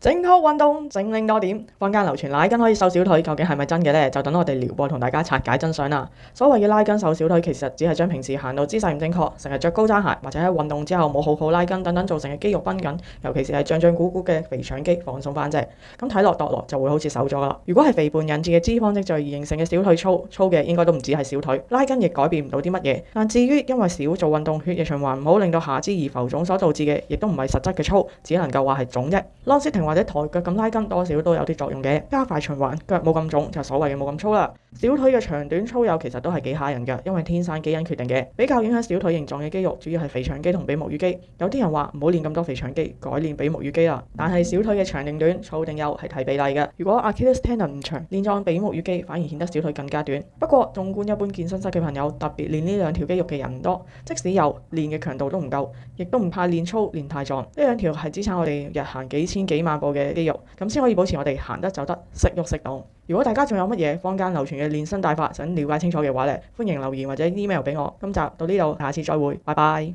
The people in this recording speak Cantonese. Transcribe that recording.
整套運動整靚多點，坊間流傳拉筋可以瘦小腿，究竟係咪真嘅呢？就等我哋療播同大家拆解真相啦。所謂嘅拉筋瘦小腿，其實只係將平時行路姿勢唔正確，成日着高踭鞋，或者喺運動之後冇好好拉筋等等造成嘅肌肉繃緊，尤其是係脹脹鼓鼓嘅腓腸肌放鬆翻啫。咁睇落墮落就會好似瘦咗啦。如果係肥胖引致嘅脂肪積聚而形成嘅小腿粗粗嘅，應該都唔止係小腿。拉筋亦改變唔到啲乜嘢。但至於因為少做運動、血液循環唔好令到下肢而浮腫所導致嘅，亦都唔係實質嘅粗，只能夠話係腫啫。朗斯廷話。或者抬腳咁拉筋，多少都有啲作用嘅，加快循環，腳冇咁腫，就所謂嘅冇咁粗啦。小腿嘅長短粗幼其實都係幾吓人噶因為天生基因決定嘅。比較影響小腿形狀嘅肌肉主要係腓腸肌同比目魚肌。有啲人話唔好練咁多腓腸肌，改練比目魚肌啦。但係小腿嘅長定短，短粗定幼係睇比例嘅。如果 Achilles tendon 唔長，練壯比目魚肌反而顯得小腿更加短。不過，縱觀一般健身室嘅朋友，特別練呢兩條肌肉嘅人唔多。即使有練嘅強度都唔夠，亦都唔怕練粗練太壯。呢兩條係支撐我哋日行幾千幾萬步嘅肌肉，咁先可以保持我哋行得走得識郁適動。如果大家仲有乜嘢坊間流傳嘅練身大法想了解清楚嘅話呢，歡迎留言或者 email 俾我。今集到呢度，下次再會，拜拜。